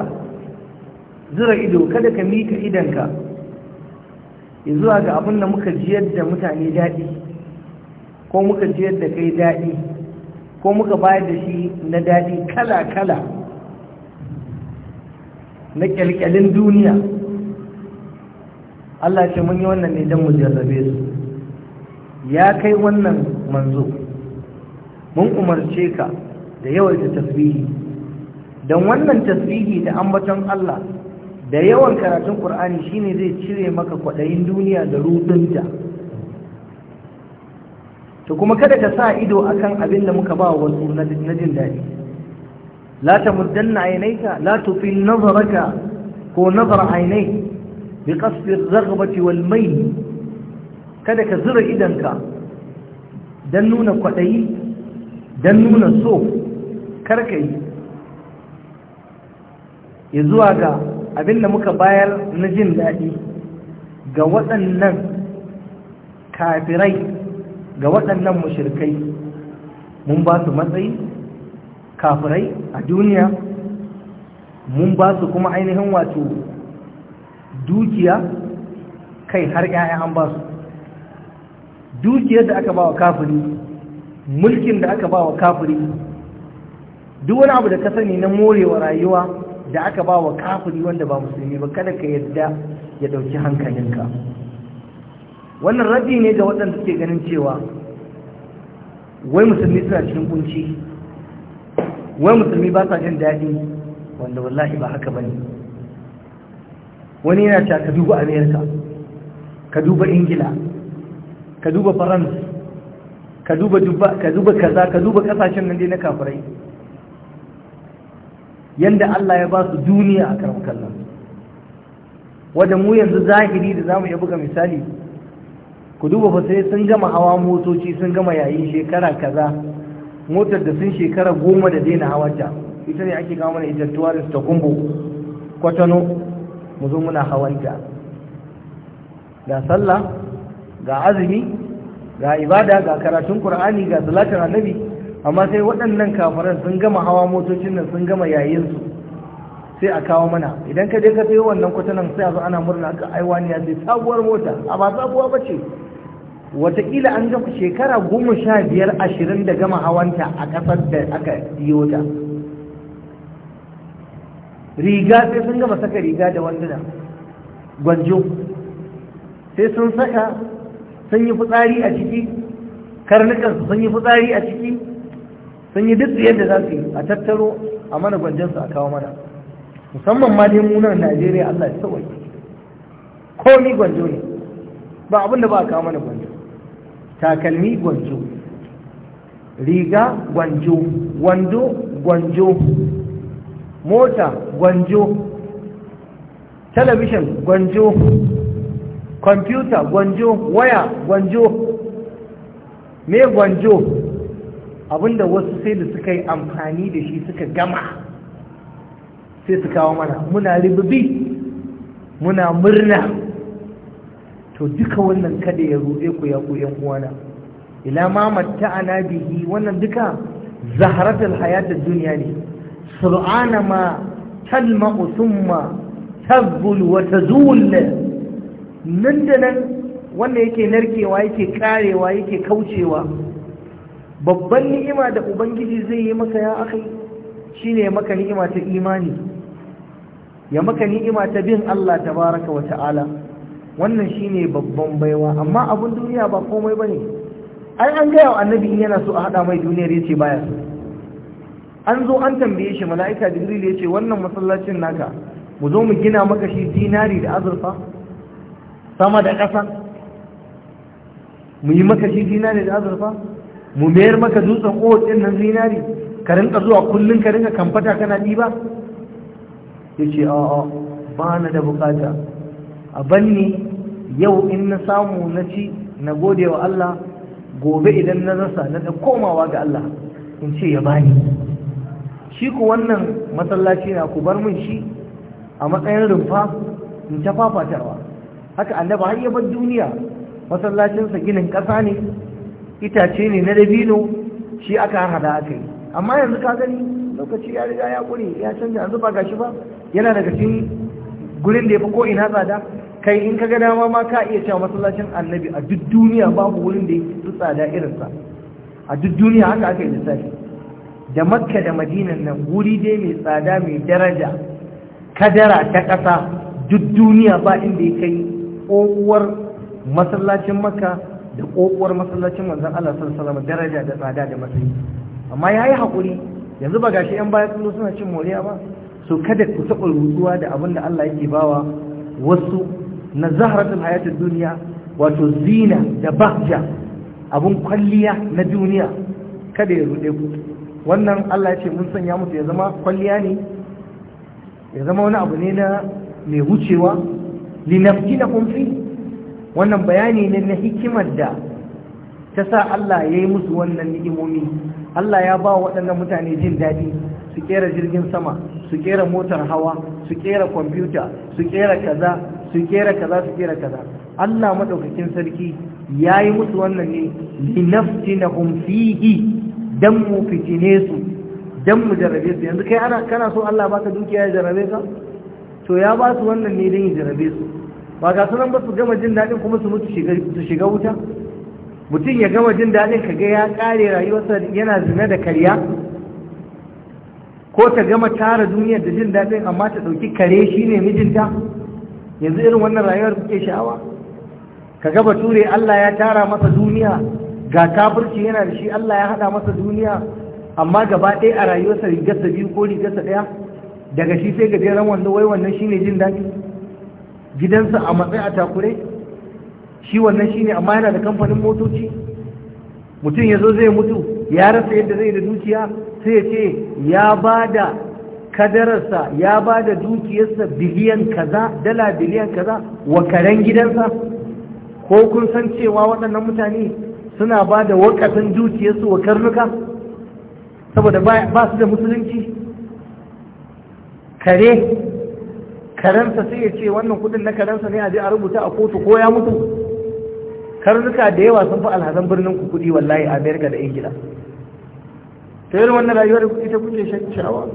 zura ido kada ka mika idanka zuwa ga abin da muka ji da mutane daɗi ko muka jiyar da kai daɗi ko muka bayar da shi na daɗi kala-kala na ƙyalƙyalin duniya Allah ce mun yi wannan ne don mu jarrabe su ya kai wannan manzo mun umarce ka da yawaita tasbihi don wannan tasbihi da ambaton Allah da yawan karatun Qur'ani shine zai cire maka kwaɗayin duniya da rudunta to kuma kada ka sa ido akan abin da muka ba wasu na jin daɗi la tamuddanna aynayka la tufi nazaraka ko nazar aynayka بقصد mai والميل kada ka zura idanka don nuna kwaɗayi don nuna so karka yi ya zuwa ga abinda muka bayar na jin daɗi ga waɗannan kafirai ga waɗannan mashirkai mun ba su matsayi kafirai a duniya mun ba su kuma ainihin wato dukiya kai har 'ya'ya an ba su dukiyar da aka ba wa kafiri mulkin da aka ba wa kafiri duk wani abu da ka sani na morewa rayuwa da aka ba wa kafiri wanda ba musulmi ba kada ka yadda ya dauki hankalinka wannan rabi ne ga waɗanda suke ganin cewa wai musulmi suna cikin kunci wai musulmi ba sa jin daɗi wanda wallahi ba haka ba ne wani yana cewa ka duba amerika ka duba ingila ka duba faransa ka duba kaza ka duba kasashen nan dai na kafirai Yadda Allah ya ba su duniya a kan kallon wadda mu yanzu zahiri da zamu iya buga misali ku duba fa sai sun gama hawa motoci sun gama yayin shekara kaza motar da sun shekara goma da daina ta, ita ne ake kawo mana ita tuwaris ta gumbo, kwatano mu zo muna hawanta ga sallah ga azumi ga ibada ga karatun qur'ani ga salatar annabi amma sai waɗannan kafaran sun gama hawa motocin nan sun gama yayinsu sai a kawo mana idan ka je ka sayo wannan kwatanan sai a zo ana murna ga aiwaniya ya sai sabuwar mota a ba sabuwa ba ce wataƙila an gama shekara goma sha biyar ashirin da gama hawanta a ƙasar da aka siyo ta riga sai sun gama saka riga da wanduna gwanjo sai sun saka sun yi fitsari a ciki karnukansu sun yi fitsari a ciki sun yi duk yadda za su yi a tattaro a mana gwanjansu a kawo mana musamman ma dai munan najeriya allah ya tsawai komi gwanjo ne ba abin da ba a kawo mana gwanjo takalmi gwanjo riga gwanjo wando gwanjo mota gwanjo talabishin gwanjo kwamfuta gwanjo waya gwanjo me gwanjo abinda wasu sai da suka yi amfani da shi suka gama sai su kawo mana muna ribibi muna murna to duka wannan kada ya ruɗe ku ya ku uwana ila ma ana bihi wannan duka zaharatul hayatid duniya ne sur'ana ma talma thumma tazbul wa tazul nan da nan wanda yake narkewa yake karewa yake kaucewa babban ni'ima da ubangiji zai yi maka ya akai shine ya maka ni'ima ta imani ya maka ni'ima ta bin Allah tabaraka wa ta'ala wannan shine babban baiwa amma abun duniya ba komai bane ai an ga annabi yana so a hada mai duniyar yace baya so an zo an tambaye shi mala'ika jibril yace wannan masallacin naka mu zo mu gina maka shi dinari da azurfa sama da ƙasa mu yi maka shi dinari da azurfa mu mayar maka dutsen uhud nan zinari ka rinka zuwa kullum ka rinka kamfata kana ɗiba a a ba na da bukata a banni yau in na samu na ci na gode wa Allah gobe idan na rasa na da komawa ga Allah in ce ya bani shi ku wannan matsalaci na ku bar min shi a matsayin rumfa in ta fafatarwa haka annaba har duniya masallacinsa ginin ƙasa ne itace ne na dabino shi aka hada aka yi amma yanzu ka gani lokaci ya riga ya kure ya canja yanzu ba gashi ba yana daga cikin gurin da ya ko ina tsada kai in ka ga dama ma ka iya cewa masallacin annabi a duk duniya babu wurin da ya tsada irinsa a duk duniya haka aka yi lissafi da makka da madina nan wuri dai mai tsada mai daraja kadara ta ƙasa duk duniya ba inda ya kai tsohuwar masallacin makka da ƙoƙuwar masallacin manzon Allah sallallahu alaihi daraja da tsada da matsayi amma yayi hakuri yanzu ba gashi yan baya sun suna cin moriya ba so kada ku taɓa da abin da Allah yake bawa wasu na zaharatul hayatul duniya wato zina da bahja abun kwalliya na duniya kada ya rude ku wannan Allah ya ce mun sanya musu ya zama kwalliya ne ya zama wani abu ne na mai wucewa linafkinakum fi wannan bayani ne na hikimar da ta sa Allah ya yi musu wannan ni'imomi Allah ya ba waɗannan mutane jin daɗi su kera jirgin sama su kera motar hawa su kera kwamfuta su kera kaza su kera kaza su kera kaza Allah maɗaukakin sarki ya yi musu wannan ne na fihi don mu fitine su don mu jarrabe su yanzu kai ana kana so Allah baka dukiya ya jarrabe ka to ya ba su wannan ne dan ya jarrabe su ba ga sunan ba su gama jin daɗin kuma su mutu su shiga wuta mutum ya gama jin daɗin ga ya ƙare rayuwarsa yana zina da karya ko ta gama tara duniyar da jin daɗin amma ta ɗauki kare shi ne mijinta yanzu irin wannan rayuwar kuke sha'awa ka gaba ture Allah ya tara masa duniya ga kafirci yana da shi Allah ya haɗa masa duniya amma gaba ɗaya a rayuwarsa rigarsa biyu ko rigarsa ɗaya daga shi sai gajeren wanda wai wannan shine jin daɗi gidansa a matsayi a takure shi wannan shine amma yana da kamfanin motoci mutum ya zo zai mutu ya rasa yadda zai da dukiya sai ya ce ya ba da kadararsa ya ba da dukiyarsa biliyan kaza dala biliyan kaza wa karen gidansa ko kun san cewa waɗannan mutane suna ba da wakafin dukiyarsu wa karnuka saboda ba su da musulunci kare karanta sai ya ce wannan kudin na karansa ne a je a rubuta a kotu ko ya mutu karnuka da yawa sun fi alhazan birnin ku kudi wallahi a amerika da ingila ta yin wannan rayuwar ita kuke shan ciyawa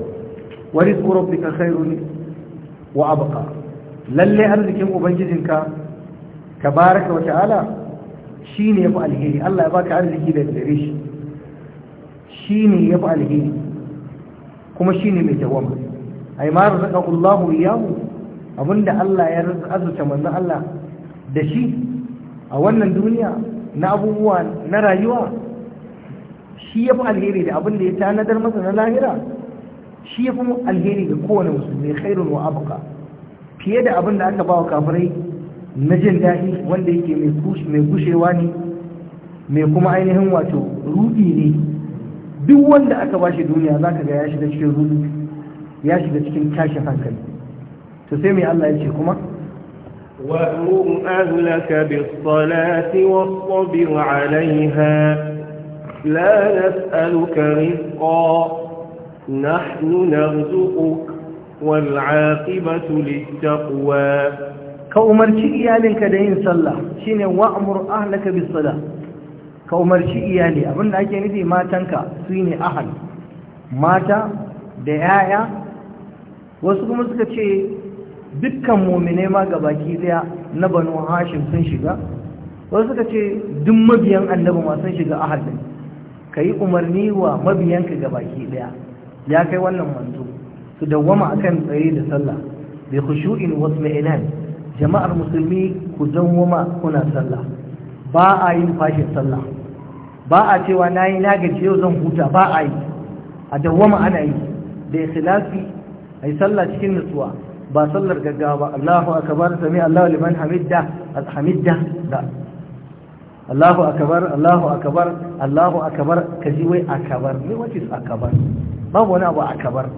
wani tsoron bika khairu ne wa abuka lalle arzikin ubangijinka ka baraka wata ala shi ne ya fi alheri allah ya baka arziki da dare shi shi ne ya fi alheri kuma shi ne mai jawama ai ma razaqahu Allahu iyahu abinda Allah ya azurta manzo Allah da shi a wannan duniya na abubuwa na rayuwa shi ya fi alheri da abinda ya tanadar masa na lahira shi ya fi alheri da kowane musulmi khairun wa abuka fiye da abinda aka ba wa kafirai na jin daɗi wanda yake mai gushewa ne mai kuma ainihin wato rubi ne duk wanda aka ba shi duniya za ga ya shiga cikin rubi ya shiga cikin tashin hankali to sai mai Allah ya ce kuma wa'amurin ahlaka bi salati wa sabir alaiha la nas'aluka rizqa nahnu narzuquk wal 'aqibatu littaqwa ka umarci iyalinka da yin sallah shine wa'amur ahlaka bi salah ka umarci iyali abinda ake nufi matanka su ne mata da 'ya'ya wasu kuma suka ce dukkan mumine ma ga baki daya na banu hashim sun shiga wasu suka ce duk mabiyan annabi ma sun shiga ahadin ka yi umarni wa mabiyanka ga baki daya ya kai wannan manzo su dawwama akan tsaye da sallah bi khushu'in wa ilan jama'ar musulmi ku dawwama kuna sallah ba a yin fashin sallah ba a cewa nayi na gaji yau zan huta ba a yi a dawwama ana yi da ikhlasi ai sallah cikin nutsuwa ba sallar gaggawa ba Allahu akbar sami Allahu liman hamidda alhamidda da Allahu akbar Allahu akbar Allahu akbar kaji wai akbar ne what is akbar babu wani abu akbar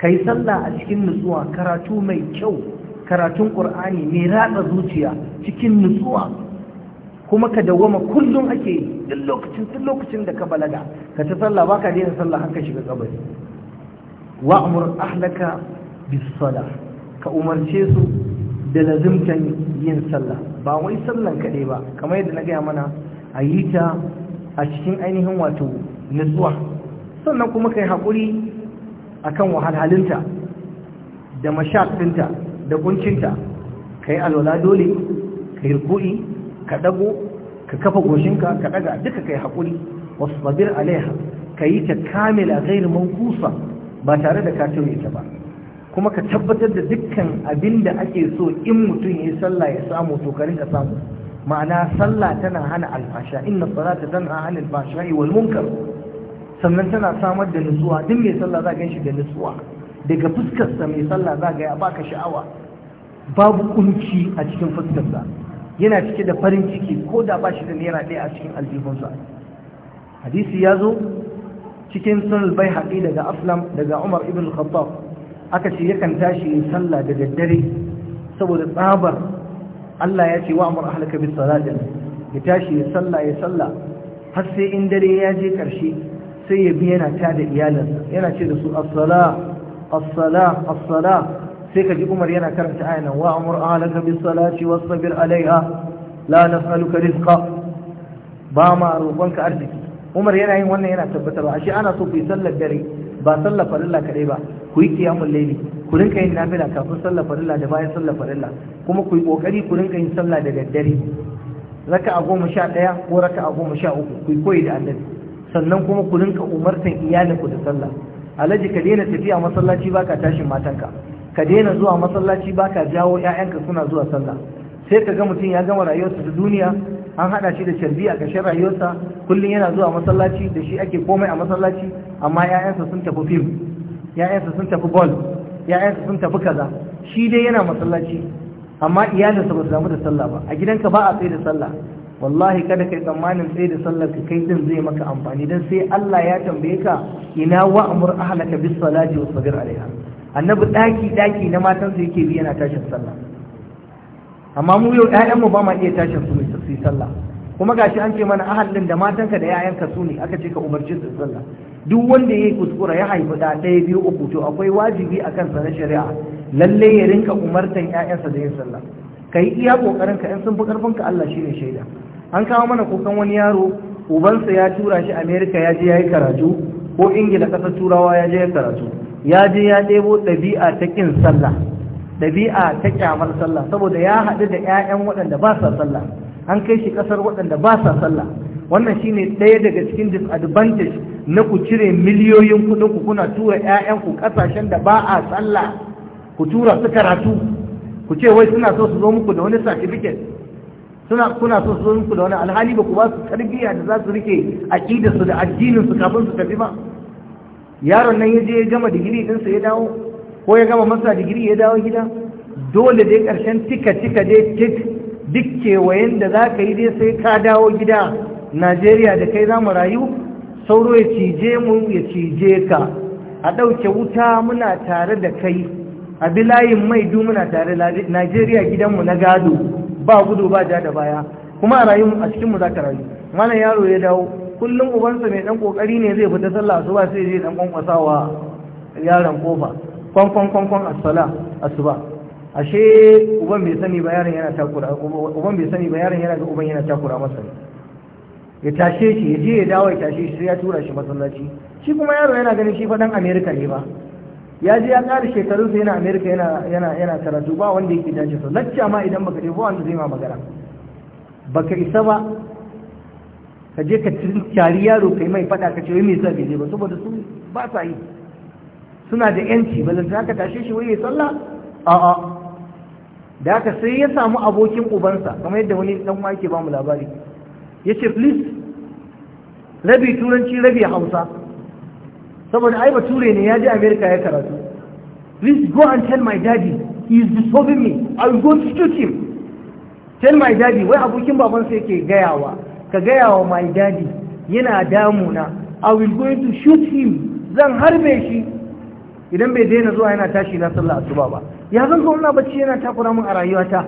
kai sallah a cikin nutsuwa karatu mai kyau karatun qur'ani mai ratsa zuciya cikin nutsuwa kuma ka dawwama kullum ake duk lokacin duk lokacin da ka balaga ka ta sallah baka daina sallah har ka shiga kabari wa'mur ahlaka bis salah ka umarce su da lazimtan yin sallah ba wai sallan kaɗai ba kamar yadda na gaya mana a yi ta a cikin ainihin wato nutsuwa sannan kuma ka yi haƙuri a kan wahalhalinta da mashaƙinta da ƙuncinta ka yi alwala dole ka yi ka ɗago ka kafa goshinka ka ɗaga duka ka yi haƙuri wasu babir alaiha ka yi ta kamila gairu mankusa ba tare da ka ta ba kuma ka tabbatar da dukkan abin da ake so in mutum ya yi sallah ya samu to ka samu ma'ana sallah tana hana alfasha inna salata tana hana alfasha wal munkar sannan tana samar da nutsuwa duk mai sallah za gan shi da nutsuwa daga fuskarsa mai sallah za ga ya baka sha'awa babu kunci a cikin fuskarsa yana cike da farin ciki ko da ba shi da naira ɗaya a cikin aljihunsa hadisi ya zo cikin sunan bai haƙi daga aslam daga umar ibn khattab aka ce yakan tashi yin sallah da daddare saboda tsabar Allah ya ce wa amur ahlaka bis salatin ya tashi ya sallah ya sallah har sai in dare ya je karshe sai ya bi yana ta da iyalinsa yana ce da su as-sala as-sala as-sala sai ka ji Umar yana karanta ayanan wa amur ahlaka bis salati wasbir alaiha la nas'aluka rizqa ba ma roƙonka arziki Umar yana yin wannan yana tabbatarwa ashe ana so ku yi sallar dare ba sallar farilla kaɗai ba ku yi kiyamun laili ku rinka yin nafila kafin sallar farilla da bayan sallar farilla kuma ku yi kokari ku rinka yin sallah da daddare a goma sha ɗaya ko a goma sha uku ku yi koyi da annabi sannan kuma ku rinka umartan iyalinku da sallah alhaji ka daina tafiya masallaci baka tashin matanka ka daina zuwa masallaci baka jawo ƴaƴanka suna zuwa sallah sai ka ga mutum ya gama rayuwarsa da duniya an haɗa shi da sharbi a ƙarshen rayuwarsa kullum yana zuwa masallaci da shi ake komai a masallaci amma ƴaƴansa sun tafi fim ya'yansa sun tafi bol ya'yansa sun tafi kaza shi dai yana masallaci amma iyalinsa ba su damu da sallah ba a gidanka ba a tsaye da sallah wallahi kada kai tsammanin tsaye da sallah ka kai din zai maka amfani dan sai Allah ya tambaye ka ina wa amur ahlaka bis salati wa sabir alaiha annabi daki daki na matan sa yake bi yana tashin sallah amma mu yau ɗayan mu ba ma iya tashin su mai sallah kuma gashi an ce mana ahalin da da matanka da yayanka su ne aka ce ka umarci su sallah duk wanda yayi kuskura ya haifi da ɗaya biyu uku to akwai wajibi a kansa na shari'a lalle ya rinka umartan yayansa da yin sallah kai iya kokarin ka in sun fi karfin ka Allah shine shaida an kawo mana kokan wani yaro ubansa ya tura shi America ya je yayi karatu ko Ingila kasar Turawa ya je ya karatu ya je ya debo ɗabi'a ta kin sallah dabi'a ta kyamar sallah saboda ya haɗu da 'ya'yan waɗanda ba sa sallah an kai shi kasar waɗanda ba sa sallah wannan shine ɗaya daga cikin disadvantage na ku cire miliyoyin kuɗin ku kuna tura ƴaƴan ku ƙasashen da ba a sallah ku tura su karatu ku ce wai suna so su zo muku da wani certificate suna kuna so su zo muku da wani alhali ba ku ba su tarbiyya da za su rike aqidar da addinin su kafin su tafi ba yaron nan ya je ya gama digiri sa ya dawo ko ya gama masa digiri ya dawo gida dole dai karshen tika tika dai tik duk kewayen da za ka yi dai sai ka dawo gida najeriya da kai za mu rayu sauro ya cije mu ya cije ka a ɗauke wuta muna tare da kai a bilayin maidu muna tare da najeriya gidanmu na gado ba gudu ba ja da baya kuma a rayu a cikinmu za ka rayu mana yaro ya dawo kullum ubansa mai ɗan ƙoƙari ne zai fita sallah asuba sai zai ɗan ƙwanƙwasawa yaron kofa kwankwan kwankwan asala asuba ashe uban bai sani ba yaron yana takura uban bai sani ba yaron yana ga uban yana takura masa ya tashe shi ya je ya dawo ya tashe shi sai ya tura shi masallaci shi kuma yaro yana ganin shi fa dan America ne ba ya je ya kare shekaru sai yana America yana yana yana karatu ba wanda yake dace so lacca ma idan baka je ba wanda zai ma magana baka isa ba ka je ka cari yaro kai mai fada ka ce wai me yasa bai je ba saboda su ba sa yi suna da yanci ba zan ka tashe shi wai ya sallah a'a da haka sai ya samu abokin ubansa kamar yadda wani dan uwa yake ba mu labari yace please rabi turanci rabi hausa saboda ai bature ne ya je america ya karatu please go and tell my daddy he is disturbing me i will go to shoot him tell my daddy wai abokin babansa yake gayawa ka gayawa my daddy yana damuna i will go to shoot him zan harbe shi idan bai daina zuwa yana tashi na sallah asuba ba ya zan zo wani bacci yana takura min a rayuwata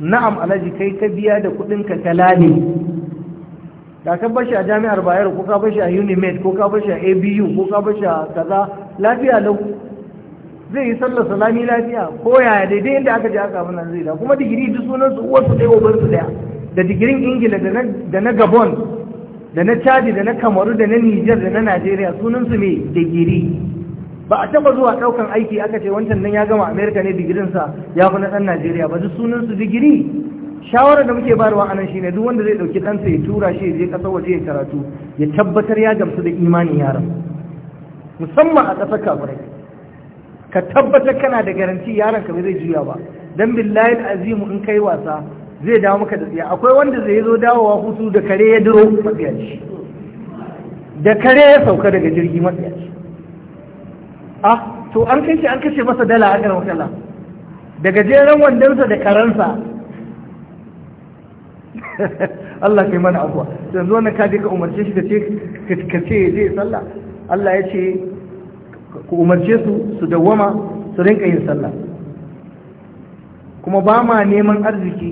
na'am alhaji kai ka biya da kuɗin ka kalali da ka bashi a jami'ar bayero ko ka bashi a unimed ko ka bashi a abu ko ka bashi a kaza lafiya lau zai yi sallar salami lafiya ko yaya daidai inda aka ji aka abin zai da kuma digiri duk sunan su uwarsu ɗaya su ɗaya da digirin ingila da na gabon da na chadi da na kamaru da na niger da na najeriya sunan su ne digiri ba a taba zuwa daukan aiki aka ce wancan nan ya gama america ne digirinsa ya fi na dan najeriya ba duk sunan su digiri shawarar da muke bayarwa a nan shine duk wanda zai dauki ɗansa ya tura shi ya je ƙasar waje ya karatu ya tabbatar ya gamsu da imanin yaron musamman a ƙasar kafirai ka tabbatar kana da garanti yaron ka bai zai juya ba dan billahi azimu in kai wasa zai dawo maka da tsiya akwai wanda zai zo dawowa hutu da kare ya duro matsiyaci da kare ya sauka daga jirgi matsiyaci a ah, to an kai an kashe masa dala a karamar kalla daga jeran wandonsa da karansa Allah kai mana abuwa yanzu wannan ka je ka umarce shi da ce ka ce ya je sallah Allah ya ce ku umarce su su dawwama su rinka yin sallah kuma ba ma neman arziki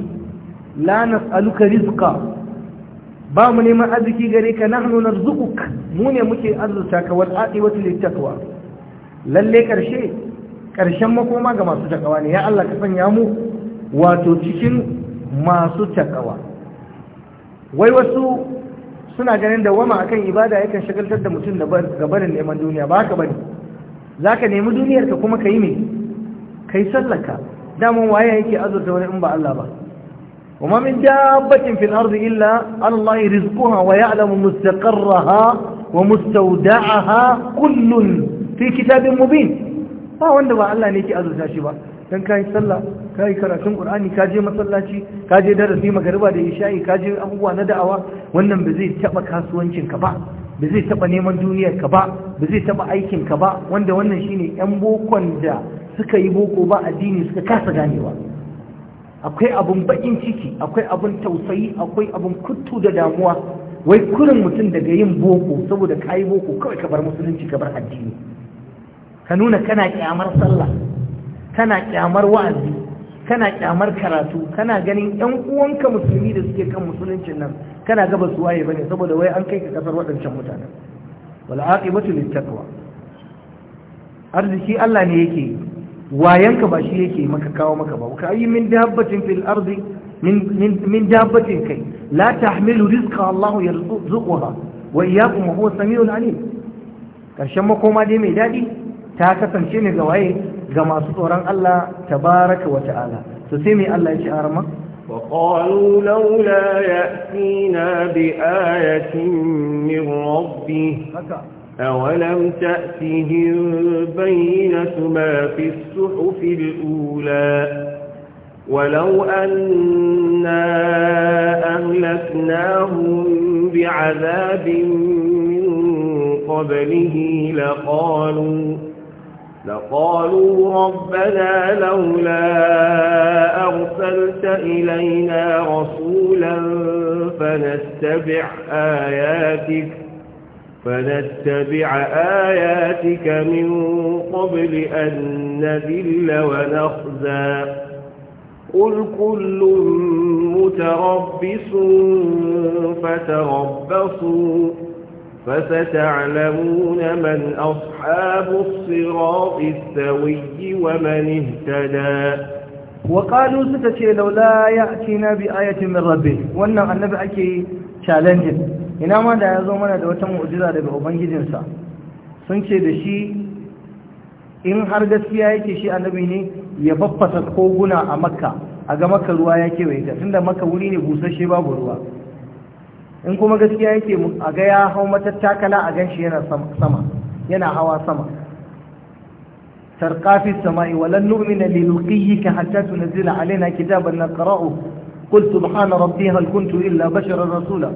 la nas'aluka rizqa ba mu neman arziki gare ka nahnu narzuquk mu ne muke arzuta ka wal aqibatu lit taqwa lalle ƙarshe ƙarshen makoma ga masu takawa ne ya Allah ka sanya mu wato cikin masu takawa wai wasu suna ganin da wama akan ibada yakan shagaltar da mutum da gabarin neman duniya ba haka bane zaka nemi duniyar ka kuma yi me kai sallaka daman waye yake azurta wani in ba Allah ba وما من دابة في الأرض wa على الله رزقها ويعلم مستقرها ومستودعها كل fi kitabin mubin ba wanda ba Allah ne ke azurta shi ba dan kai sallah kai karatun qur'ani ka je masallaci ka je darasi magariba da isha'i ka je abubuwa na da'awa wannan ba zai taba kasuwancin ka ba ba zai taba neman duniyar ka ba ba zai taba aikin ka ba wanda wannan shine yan bokon da suka yi boko ba addini suka kasa ganewa akwai abun bakin ciki akwai abun tausayi akwai abun kuttu da damuwa wai kurin mutum daga yin boko saboda kayi boko kawai ka bar musulunci ka bar addini ka nuna kana kyamar sallah kana kyamar wa'azi kana kyamar karatu kana ganin ƴan uwanka musulmi da suke kan musuluncin nan kana gaba su waye bane saboda wai an kai ka kasar waɗancan mutanen wal aqibatu littaqwa arziki Allah ne yake wayanka ba shi yake maka kawo maka ba ka yi min dabbatin fil ardi min min min dabbatin kai la tahmilu rizqa Allah yarzuquha wa iyyakum huwa samiul alim karshen makoma dai mai dadi ta kasance ne ga waye ga masu tsoron Allah tabaraka wa ta'ala to sai mai Allah ya ci arama wa qalu ya'tina وقالوا لولا يأتينا بآية awalam ta'tihi أولم ma fi as في al-ula ولو أنا أهلكناهم بعذاب من قبله لقالوا لقالوا ربنا لولا أرسلت إلينا رسولا فنتبع آياتك فنتبع آياتك من قبل أن نذل ونخزى قل كل متربص فتربصوا فستعلمون من أصحاب الصراط السوي ومن اهتدى وقالوا ستشي لولا يأتينا بآية من ربه وأن النبي أكي challenges ina ma da ya zo mana da wata mu'jiza daga ubangijinsa sun ce da shi in har gaskiya yake shi annabi ne ya baffasa koguna a makka a ga maka ruwa ya kewaye ta tunda maka wuri ne busasshe babu ruwa in kuma gaskiya yake a ga ya hau matattakala a ganshi yana sama yana hawa sama tarqa fi samai wa lan nu'mina li ruqiyyika hatta tunzila alaina kitaban naqra'u qul subhana rabbi hal kuntu illa basharan rasula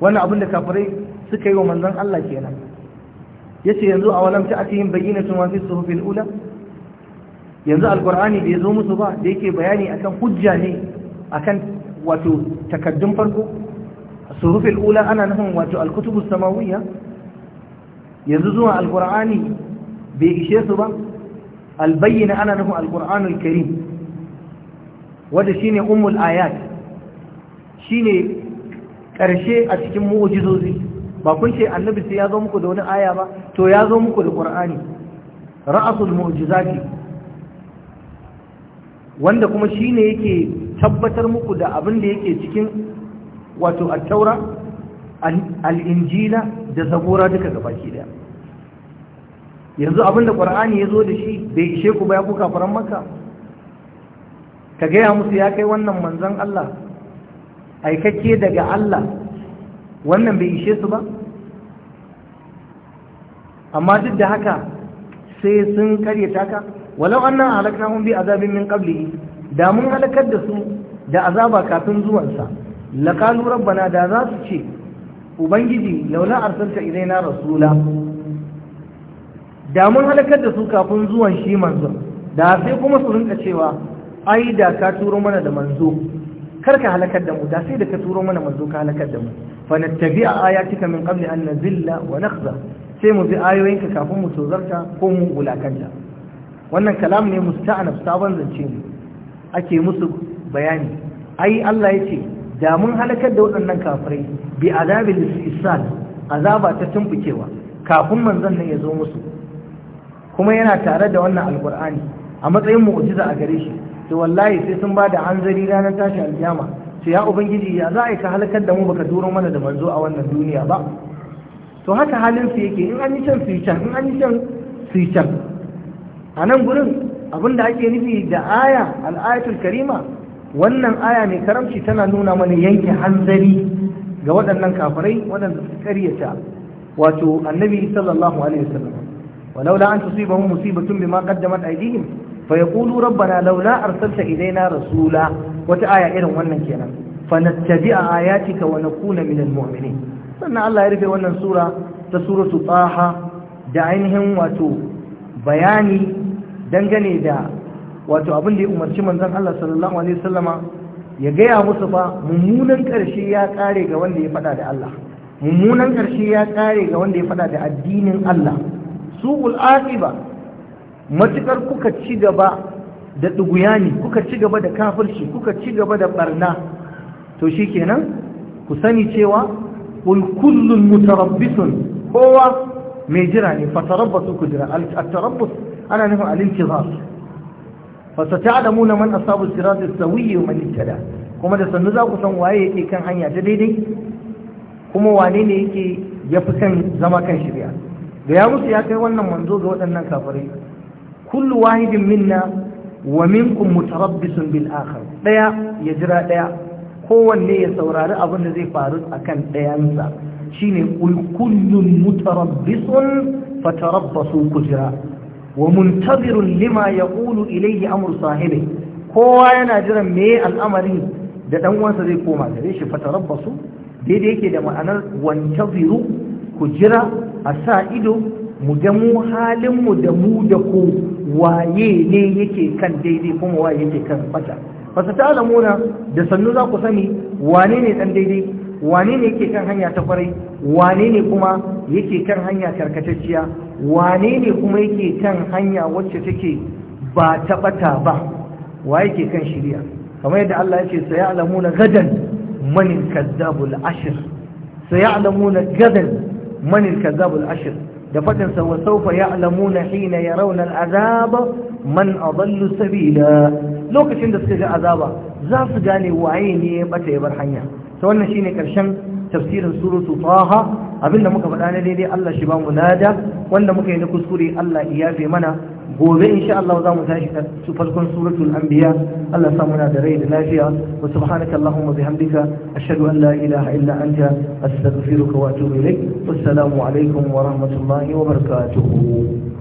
wannan abin da kafirai suka yi wa manzon Allah kenan yace yanzu a walam ta atihim bayyinatun wa fi suhufil ula yanzu alqur'ani bai zo musu ba da yake bayani akan hujja ne akan wato takaddun farko suhuf al-ula ana nufin wato al-kutub as-samawiyya yanzu zuwa al-qur'ani bai ishe su ba al-bayyina ana nufin al-qur'an al-karim wanda shine ummul ayat shine karshe a cikin mu'jizozi ba kun ce annabi sai ya zo muku da wani aya ba to ya zo muku da qur'ani ra'asul mu'jizati wanda kuma shine yake tabbatar muku da abin da yake cikin wato at-taura al-injila da zabura duka gabaki daya yanzu abinda ya zo da shi bai ishe ku ba ya kuka faran maka ka gaya musu ya kai wannan manzan Allah Aikake daga Allah wannan bai ishe su ba amma duk da haka sai sun karyata ka walau annan halaknahum bi azabin min qablihi da mun halakar da su da azaba kafin zuwansa laqalu rabbana da za su ce ubangiji laula arsalta ilaina rasula da mun halakar da su kafin zuwan shi manzo da sai kuma su rinka cewa ai da ka turo mana da manzo kar ka halakar da mu da sai da ka turo mana manzo ka halakar da mu fa nattabi'a ayatika min qabli an nazilla wa nakhza sai mu bi ayoyinka kafin mu tozarta ko mu wulakanta wannan kalam ne musta'anab sabon zance ne ake musu bayani ai Allah yace da mun halakar da waɗannan kafirai bi azabil isal azaba ta tumbukewa kafin manzon nan ya zo musu kuma yana tare da wannan alqur'ani a matsayin mu'jiza a gare shi to wallahi sai sun bada hanzari ranar tashi aljama to ya ubangiji ya za a ka halakar da mu baka duro mana da manzo a wannan duniya ba to haka halin su yake in an yi can can in an yi can can a nan gurin abinda ake nufi da aya al'ayatul karima wannan aya mai karamci tana nuna mana yanke hanzari ga waɗannan kafirai waɗanda suka karyata wato annabi sallallahu alaihi wasallam walaula an tusibahum musibatun bima qaddamat aydihim fayaqulu rabbana laula arsalta ilayna rasula wata aya irin wannan kenan fanattabi'a ayatika wa nakuna minal mu'minin sannan Allah ya rufe wannan sura ta suratu taha da ainihin wato bayani dangane da wato abin da ya umarci manzon Allah sallallahu alaihi ya gaya musu fa mummunan ƙarshe ya ƙare ga wanda ya faɗa da Allah mummunan ƙarshe ya ƙare ga wanda ya faɗa da addinin Allah su a'iba matukar kuka ci gaba da duguyani kuka ci gaba da kafirci kuka ci gaba da barna to shikenan ku sani cewa kul kullun mutarabbisun kowa mai jira ne fatarabbasu ku jira at-tarabbus ana nufin al-intizar فستعلمون من أصاب الصراط السوي ومن اهتدى kuma da sannu za ku san waye yake kan hanya ta daidai kuma wane ne yake ya fi kan zama kan shirya da ya musu ya kai wannan manzo ga waɗannan kafirai kullu wahidin minna wa minkum mutarabbisun bil akhar daya ya jira daya kowanne ya saurari abin da zai faru akan dayansa shine kullun mutarabbisun fatarabbasu jira. wa muntazirun lima yaqulu ilaihi amru sahibi kowa yana jiran me al'amari da ɗan uwansa zai koma gare shi fatarabbasu daidai yake da ma'anar wantaziru ku jira a sa ido mu da mu halin mu da mu da ku waye ne yake kan daidai kuma waye yake kan fata fasa ta alamuna da sannu za ku sani wane ne ɗan daidai wane ne yake kan hanya ta kwarai wane ne kuma yake kan hanya karkatacciya wane ne kuma yake kan hanya wacce take ba taɓata ba wa yake kan shirya kamar yadda Allah ya ce saya'lamuna gadan manil kazzabul ashir saya'lamuna gadan manil kazzabul ashir da fadin sa wa sawfa ya'lamuna hina raunar azaba man aballu sabila lokacin da suka ga azaba za su gane waye ne ya bata ya bar hanya Ta wannan shine karshen tafsirin suratu taha abinda muka faɗa na daidai Allah shi ba mu lada wanda muka yi na kuskure Allah ya yafe mana gobe insha Allah za mu tashi su farkon suratul anbiya Allah sa muna da rai da lafiya wa subhanaka allahumma bihamdika ashhadu an la ilaha illa anta astaghfiruka wa atubu ilaik wassalamu alaikum wa rahmatullahi wa barakatuh